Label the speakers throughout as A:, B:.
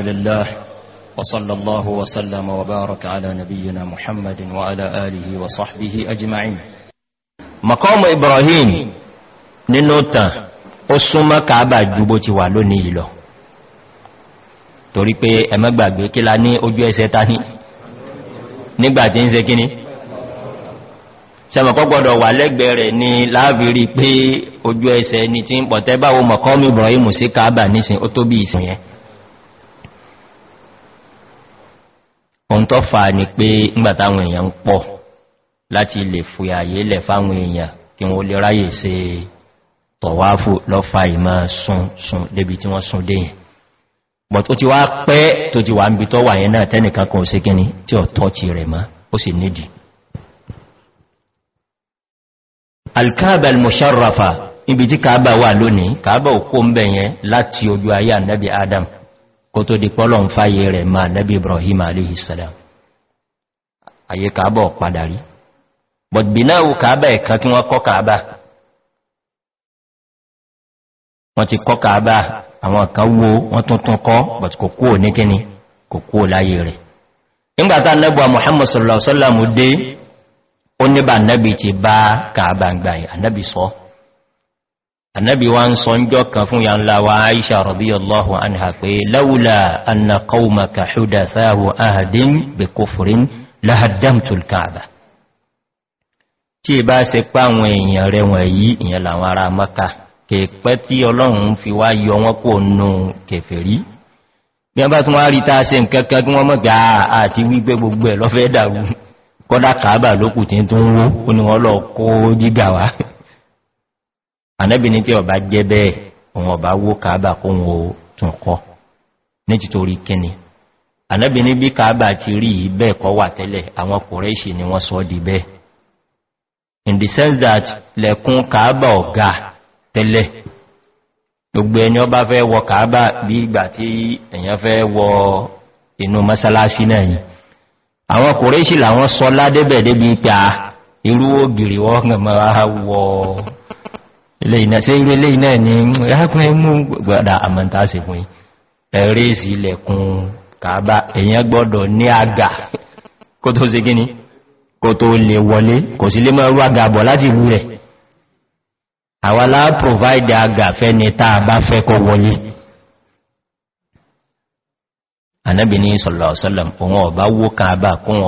A: لله وصلى الله وسلم وبارك على نبينا محمد وعلى آله وصحبه أجمعين مقام إبراهيم ننوتا أسمى كعبة جبوتي والوني له torí pé ẹmẹ́gbàgbé kí la ní ojú ẹsẹ̀ ta ní nígbàtí ń se kí ní sẹmọ̀kọ́ gbọdọ̀ wà lẹ́gbẹ̀ rẹ̀ ní láàbìrí pé ojú ẹsẹ̀ ní tí ń pọ̀tẹ́ báwo mọ̀kọ́ mìbìrọ̀ ìmùsí káàbà nísìn ó tó bí ìsìn yẹn ohun tó fa ni pé ńgbàtà àwọn èèyàn ń pọ̀ láti lè fòyàyé lẹ̀ fáwọn èèyàn kí wọ́n lè ráyè se tọ̀wáfò lọ́fà ìmá sun sun débi tí wọ́n sun déyìn but ó ti wá pẹ́ tó ti wà ń bí tọ́ wà yẹn náà tẹ́nìkan kan sí kíni tí ọ̀ tọ́ ti rẹ̀ mọ́ ó sì nídìí adam kó tó di pọ́lọ̀ ń fáyé rẹ̀ máa nẹ́bí ibrahim aléhìsàlám ayé kàábọ̀ padà rí bọ̀dìbìnáwò kàábà ẹ̀kan kí wọ́n kọ́ kàábà wọ́n ti kọ́ kàábà àwọn kan wo wọ́n tuntun kọ́ bọ̀t kò kúò ní kíni kò kúò láyé rẹ̀ nígbàtà nẹ́bùwa muhammad dé ó níbà nẹ́bì ti bá kàábà gbà yìí annabi wa ń sọ jọ kan fún ya ńlá wa aisha radiyallahu anha pé laula anna qaumaka hudathahu ahadin bi kufrin la haddamtu al-ka'ba tí bá ṣe pa àwọn èyàn rẹ̀ wọ̀n yí ìyẹn làwọn ará Mákà ke pẹ́ tí Ọlọ́hun fi wá yọ wọ́n kò nù kèfèrí bí an bá tún wá rí tá ṣe nǹkan kan kí wọ́n mọ̀ gbà àti wí pé gbogbo ẹ̀ ló fẹ́ dàrú kódà Kaaba lókù tin tún wò ó ní wọ́n lọ kó ànábì ní tí ọba jẹ́ bẹ́ẹ̀ òun ọba wó kàábà kóhun o tún kọ́ ní títorí kíni ànábì ní bí kàábà ti rí bẹ́ẹ̀ kọ́ wà tẹ́lẹ̀ àwọn kòrẹ́ṣì ni wọ́n sọ di bẹ́ẹ̀ in the sense that lẹ́kún kàábà ọ̀gá tẹ́lẹ̀ gbogbo ẹni ọba fẹ́ wọ kàábà bí ìgbà tí èèyàn fẹ́ wọ inú mọ́sálásí náà yìí àwọn kòrẹ́ṣì làwọn sọ ládébẹ̀ débi pé a irú ògìrì wọ́n mọ̀ wọ́ ilé iná sí irú ilé iná ni ẹkùnrin mú gbọ́dá àmọ́ntásí fún ẹ̀rẹ́ sí ilẹ̀kùn kàábà èyàn gbọ́dọ̀ ní àgà kó tó sí gíní kó tó lè wọlé kò sí lé mọ́rú àgà bọ̀ láti wú rẹ̀ àwálá provide àgà fẹ́ ni táa bá fẹ́ kó wọlé anábìní sọ̀lọ̀ọ̀sọ́lọ̀m òun ọ̀bá wó kàábà kún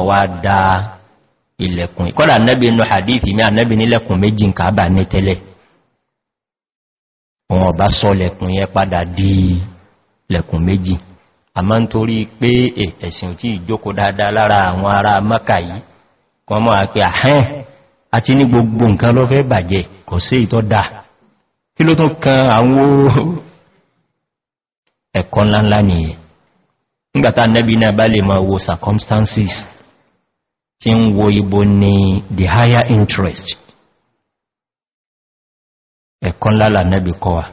A: wọn ọba sọ lẹ̀kùn yẹn padà di lẹ̀kùn méjì a máa ń torí pé eh, ẹ̀sìn tí ìjókò dáadáa lára àwọn ará mọ́kà yìí kan mọ́ àpẹ àhẹ́n àti ní gbogbo nǹkan lọ fẹ́ bàjẹ́ kò sí ìtọ́ dà kí ló tó kan àwọn ẹ̀kọ́ ńláńlá nìyẹn nígbàtà nẹ́bí náà circumstances tí ń wo ibo ni the higher interest ẹ̀kọ́ lálà nẹ́bì kọwà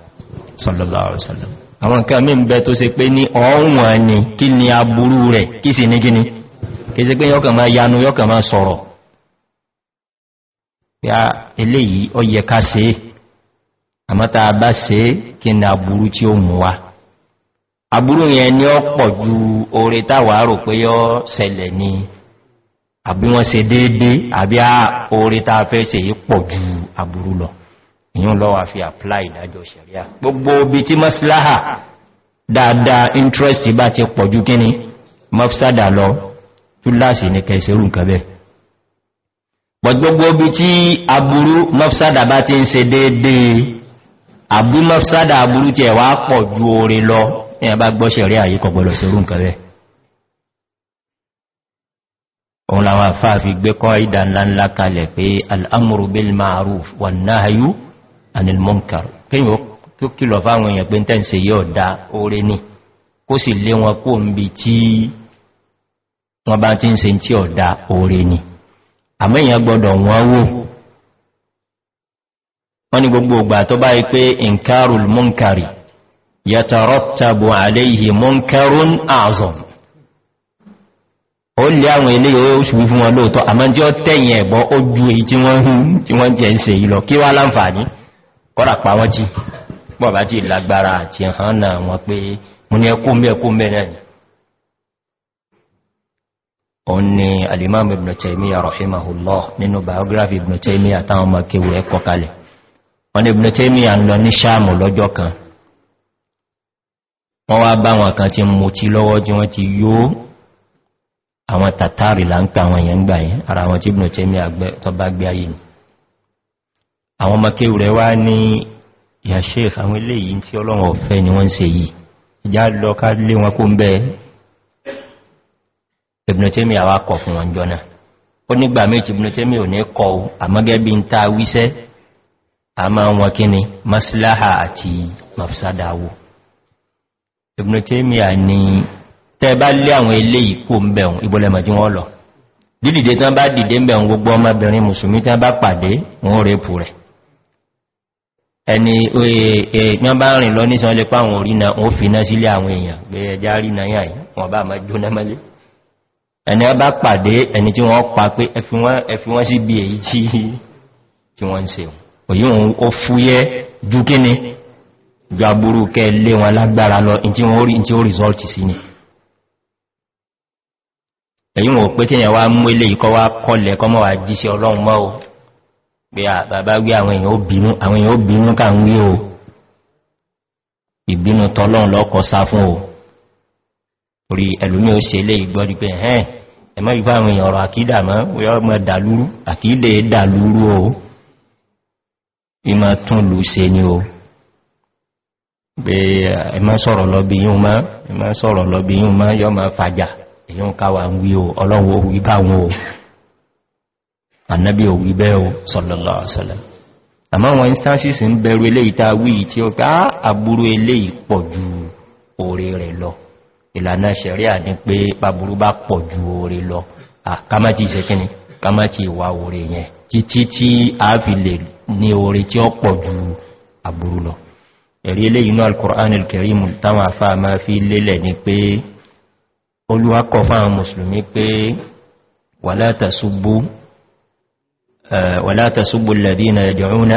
A: sallallahu alaihi wasallam àwọn nǹkan mí ń bẹ tó ṣe pé ní ọ̀wọ̀n ni kí ni aburú rẹ̀ kí sì ní gíní kí sí pé yọ́kàn máa yanu yọ́kàn máa sọ̀rọ̀ ya eléyìí ó yẹ ká ṣe àmọ́ta bá ṣe kí ni aburú tí ó mú wa aburú yẹn ni ó pọ̀ ju oore táwàá rò pé yọ́ ṣẹlẹ̀ ni àbí wọ́n ṣe déédé àbí oore ta fẹ́ ṣe pọ̀ ju aburú lọ ìyún lọ́wà fi apply ìdájọ́ sẹ̀ríà gbogbo bí tí mọ́síláhà dáadáa interest bá ti pọ̀jú kíní mọ́fisádà lọ túláàsì ní kẹsẹ̀rù nǹkan bẹ́ gbogbo bí tí aburú mọ́fisádà bá ti ń se déédé àbú mọ́fisádà aburú ti ẹ̀wà pọ̀ ju oore lọ ẹ̀yà bá gbọ́ sẹ̀ríà yìí kọ̀gbọ̀lọ̀ sẹ̀rù nǹkan bẹ́ òun làwọn àfáà fi gbé kọ́ ìdánláńlá kalẹ̀ pé al'amuru ma'aruf wà náà yú anil munkar kíyàn kí ó kìlọ̀ fáwọn èèyàn pé tẹ́ ń se yóò dá orí ní kó sì lé wọn kó ń bí tí wọ́n bá ti ń se tí ọ̀ dá orí ní àmẹ́yàn gbọdọ̀ wọ́n wò wọ́n ni gbogbo ògbà tó bá yí pé inkarul munkari yàtàrọ́tàbù àléhì munkarun azọ̀m ó lé àwọn ilé yóò ṣùgbí fún wọn lóòtọ́ àmọ́ tí ó tẹ̀yìn ẹ̀gbọ́ ó ju èyí tí wọ́n jẹ́ ń se yìí kí wá láǹfààní
B: kọ́rà pa wọ́n jí
A: bọ́ọ̀bá jí lágbára àti hànà wọn pé mú ní ẹkú mẹ́ ẹkú mẹ́ náà òun ni alimami ibn taimiyya rahimahullah nínú biography ibn taimiyya táwọn ọmọ kéwù ẹkọ kalẹ̀ wọ́n ni ibn taimiyya ń lọ ní sáàmù lọ́jọ́ kan wọ́n wá bá wọn kan ti mú tí lọ́wọ́ jí wọ́n ti yó àwọn tàtàrí là àwọn èèyàn gbà yẹn ara wọn tí ibn taimiyya tọ́ bá gbé ayé ni àwọn makéwù rẹ̀ wá ní ìyàṣẹ́ àwọn ilé yìí tí ọlọ́run ọ̀fẹ́ ni wọ́n ń se yìí ìjá lọ ká lé wọn kó ń bẹ́ ìbìnàtẹ́mì àwá kọ̀ fún wọn jọ náà ó nígbà méjì ìbìnàtẹ́mì ò ní kọ àmọ́gẹ́ bí ń ta wíṣẹ́ dídìde tán bá dìde ń bẹ̀ gbogbo ọmọbìnrin mùsùlùmí tán bá pàdé wọn rèpù rẹ̀ ẹni èèyàn e, bá rìn lọ nísan lè páwọn orí na ó fi náà sílé àwọn èèyàn pé ẹjá rí na yáyí wọn bá máa jóná mẹ́lé ẹni a bá pàdé ẹni tí wọ́n pa pé ẹfi wọ́n sí bí èyí tí wọ́n ń se òyí òun ó fúyẹ́ jú kíní ju aburú kẹ lé wọn lágbára lọ tí wọ́n rí tí ó rìsọ́ọ̀tì wá mú ilé ìkọwà kọlẹ̀ kọmọ́wàá jí ọlọ́run mọ́ pé bàbá wí àwọn èèyàn ó bínú ká ń wí o ìbínú tọ́lọ́n lọ́kọ̀ sá fún o orí ẹlùmí ó se lé ìgbọ́dí pé ẹ̀hẹ́n ẹ̀mọ́ ìfà àwọn èèyàn ọ̀rọ̀ àkídà mọ́ dàlúrú dàlúrú o tún lù se ni o pé sọ̀rọ̀ lọ́bí yíò mọ́ sọ̀rọ̀ lọ́bí yíò mọ́ yọ́ mọ́ fàjà káwà ń wí o ọlọ́run ó wí báwọn o annabi ò wí o sallallahu alaihi wasallam àmọ́ àwọn instances ń bẹ̀rù eléyìí tá wí tí ó pé àbúrú ah, eléyìí pọ̀ ju oore rẹ̀ lọ ìlànà ṣẹ̀ríà ní pé pàbúrú bá pọ̀ ju oore lọ àkámátì ìṣẹ́kíní kámátì ìwà oore yẹn títí tí a fi lè ní oore tí ó pọ̀ ju àbúrú lọ ẹ̀rí eléyìí náà al-Qur'an al-Karim fi lélẹ̀ ni pé olúwakọ̀ fáwọn mùsùlùmí pé wala tasubbu ولا تسبوا الذين يدعون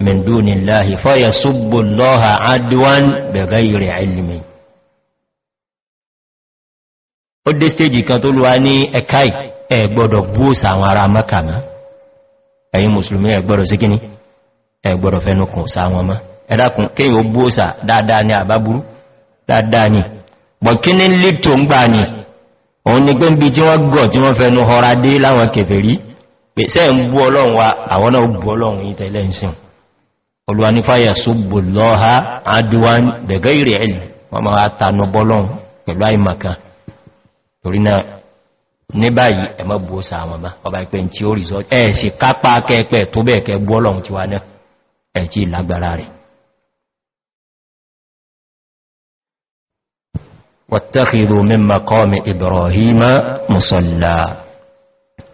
A: من دون الله فيسبوا الله عدوا بغير علم ó dé stéjì kan tó lúwa ní ẹ̀káì ẹ gbọ́dọ̀ búòsà àwọn ará mọ́kà mọ́ ẹ̀yin musulmi ẹ gbọ́dọ̀ sí kíní ẹ gbọ́dọ̀ fẹ́nukùn sáwọn mọ́ ẹ̀dàkùn kéyìn ó búòsà dáadáa ní àbábúrú dáadáa ní bọ̀kíní lítò ń gbà ní òun ni pé ń bí tí wọ́n gọ̀ tí wọ́n fẹ́nu họra dé láwọn kèfèrí pèsè ń bú ọlọ́run wa àwọn náà bú ọlọ́run yí tẹ́lẹ̀ ń sìn olúwa ní fáyà ṣúgbò lọ́ha àdúwà bẹ̀gẹ́ ìrẹ̀ ẹ̀lì wọ́n máa tànà bọ́lọ́run pẹ̀lú àìmọ̀kan torí náà ní báyìí ẹ̀mọ́ bú ó sàwọn bá ọba ìpẹ́ tí ó rìsọ́ ẹ̀ sì kápá kẹ́ẹ̀pẹ́ tó bẹ́ẹ̀ kẹ́ bú ọlọ́run ti wá náà ẹ̀ tí lágbára rẹ̀ wàtàkìrò mímọ̀ kọ́ mi ìbọ̀rọ̀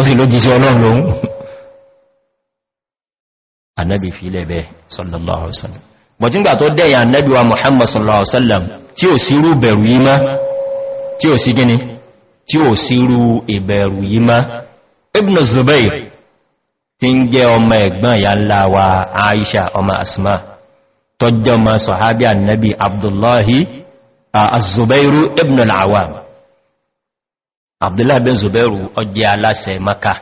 A: ó sì ló jíṣẹ́ ọlọ́run lóhun annabi fi ilẹ̀ bẹ́ẹ̀ sallallahu alaihi wasallam bọ̀ tí ń gbà tó dẹ̀yà annabi wa muhammad sallallahu alaihi wasallam tí ò sírú bẹ̀rù yí má tí ò sí gíní tí ò sírú ìbẹ̀rù yí má ibn zubair tí ń jẹ́ ọmọ ẹ̀gbọ́n ya ńlá wa aisha ọmọ asma tọ́jọ́ ma sọ̀hábí annabi abdullahi a azubairu ibn al'awam abdullahi bin zubairu ọjẹ́ aláṣẹ maka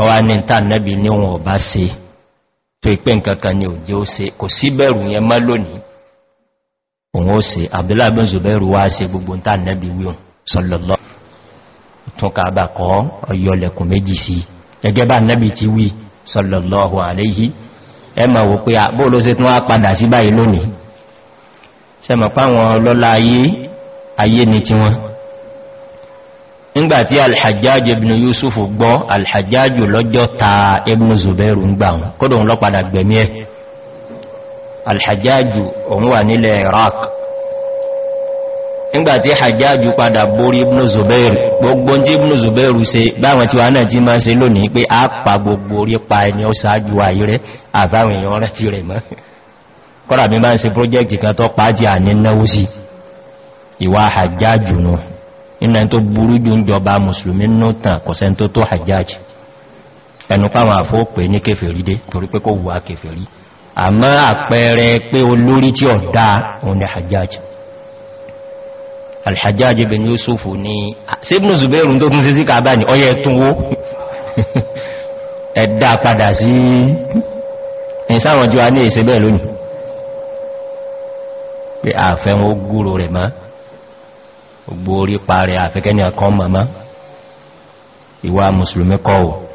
A: ọwá ní ta nẹ́bí níwọ̀n ọba se tó ìpé nkankan ni òjé ó se kò sí bẹ̀rù yẹn mọ́ lónìí òun ó se abdullahi bin zubairu wá se gbogbo ta nẹ́bí wíhùn sọlọ̀lọ́ tún ká bà kọ́ ọyọlẹ̀kùn méjì sí gẹ́gẹ́ bá nẹ́bí ti wí sọlọ̀lọ́hùn àléyìí ẹ ma wò pé àbó ló se tún wá padà sí báyìí lónìí sẹ́mọ̀ páwọn ọlọ́lá ayé ayé ni ti wọn nígbàtí alhajjájú ibn yusuf gbọ́ alhajjájú lọ́jọ́ ta ibn zubairu ń gbà wọn kódò wọn lọ́padà gbẹ̀mí ẹ̀ alhajjájú òun wà nílẹ̀ iraq nígbàtí hajjájú padà borí ibn zubairu gbogbo tí ibn zubairu se báwọn tí wà náà ti máa se lónìí pé a pa gbogbo orí pa ẹni ó sáájú ayé rẹ àbáwọn iná tó burú jù ń jọba musulmi nótàn kò sẹ́ tó tó hajjájì ẹnu páwọn àfóòpè ní kèfèrí dé torí pé kó wà kèfèrí àmá àpẹẹrẹ pé olórí tí ọ̀dá òun ni hajjájì alhajjájì bin yusuf ni síbùn zubairu tó tún sí sí kàbá ní ọyẹ tún ẹ̀dá padà sí ìsáwọn jíwa ní ìsẹ́bẹ̀ lónìí pé àfẹ́ gúrò rẹ̀ máa gbogbo orí parẹ àfikẹ́ni àkan mọ̀mọ́ ìwà mùsùlùmí kọ́